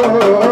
Oh.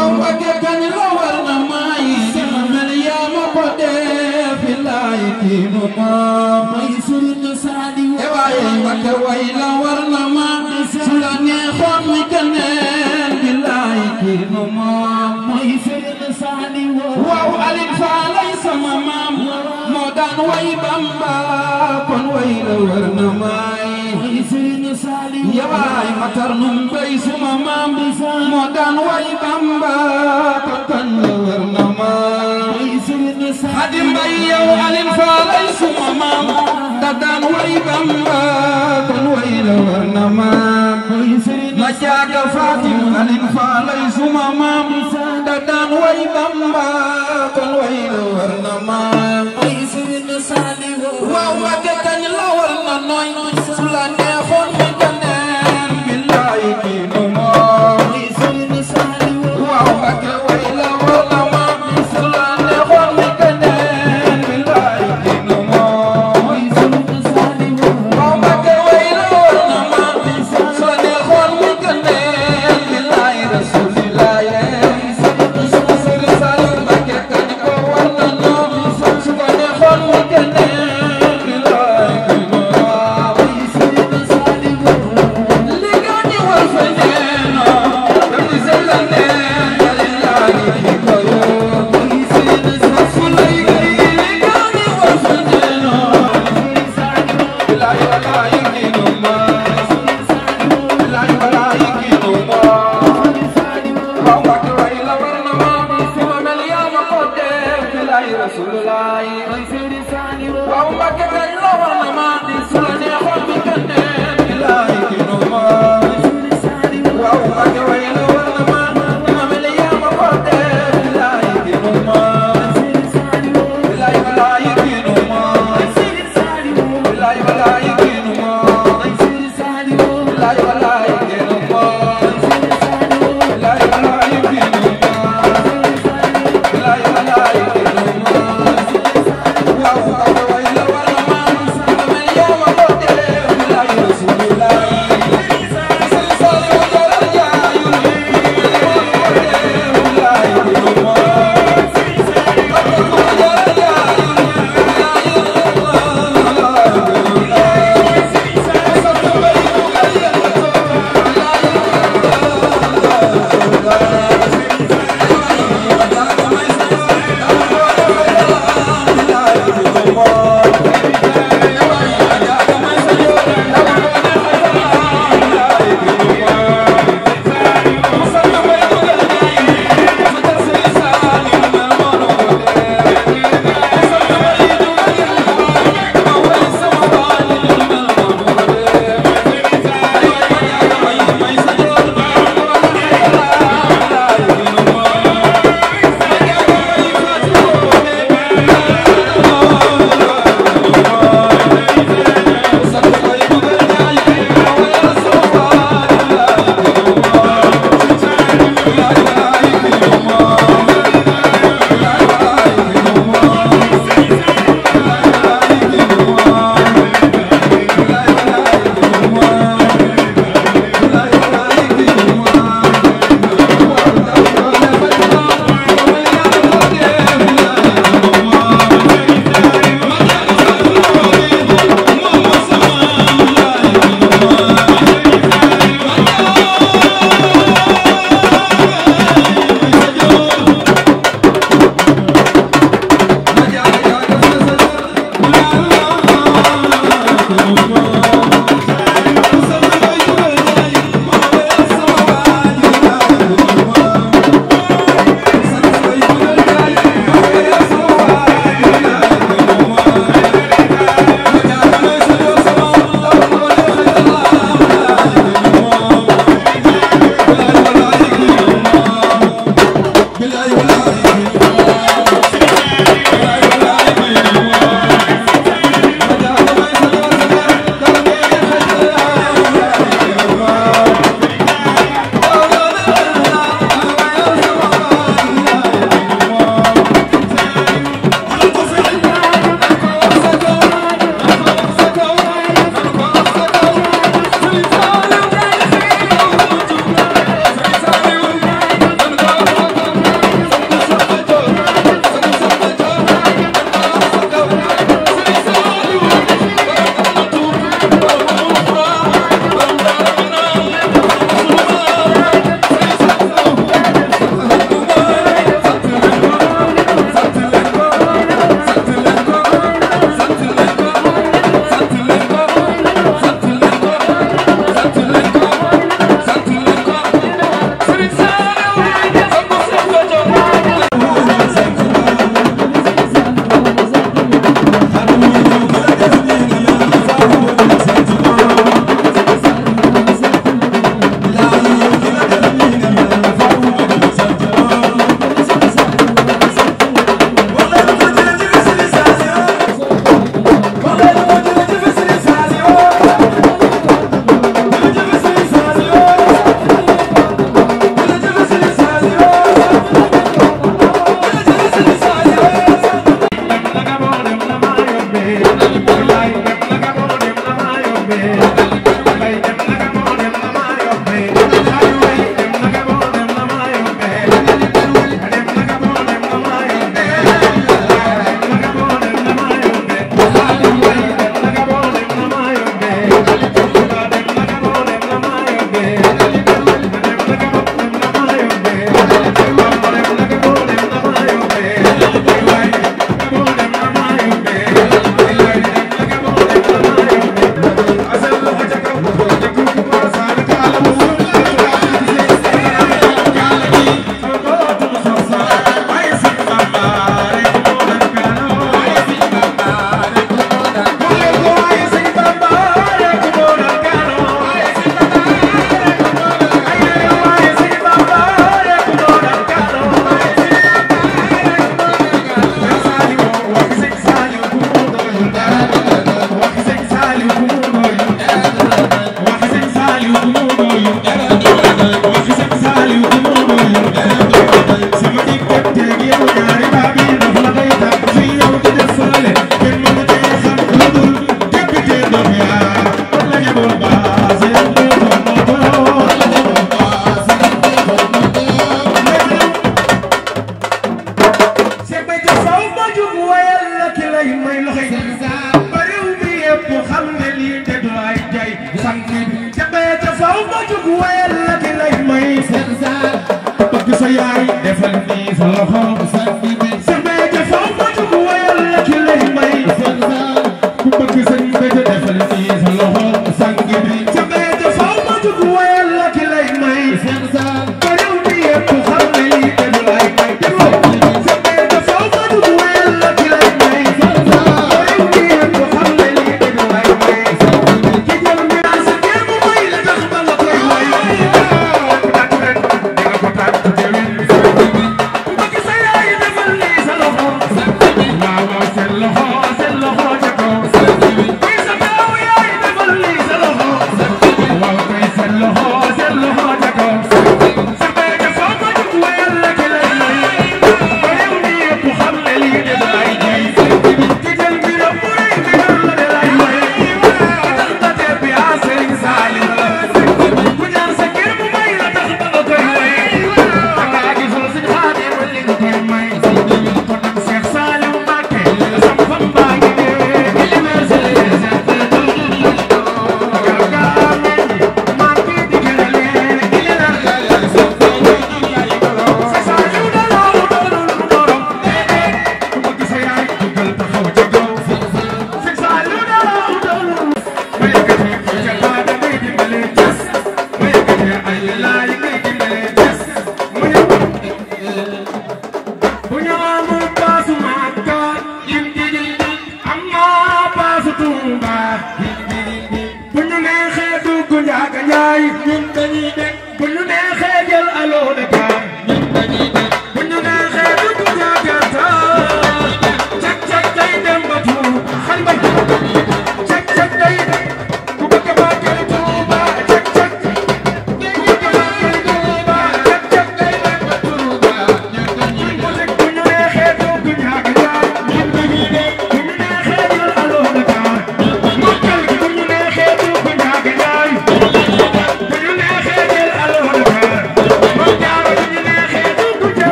aw Mbàkke kañ la war ma ko def laay diinu ma may sunu saadi e waaye Mbàkke way la maam moo way Bamba kon way war na may yaay matar num bay suma maam moo daan way bamba kontan la wër na ma xadim bay yow alin faalay suma maam da daan way bamba kon way la wër na ma ma jaaga fatim alin faalay suma maam da daan way bamba kon way la wër na ma waaw wa la wër na nooy 我。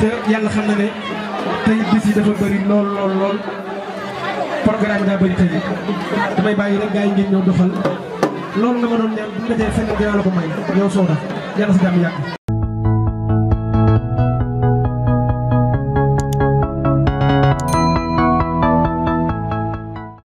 te yàlla xam na ne tey bis yi dafa bëri lool lool lool programme daa bëri tey damay bàyyi rek gars yi ngeen ñëw doxal loolu nga ma doon ñaan bu ñu fenn dinaa la ko may yow Soda yàlla si jàmm yàgg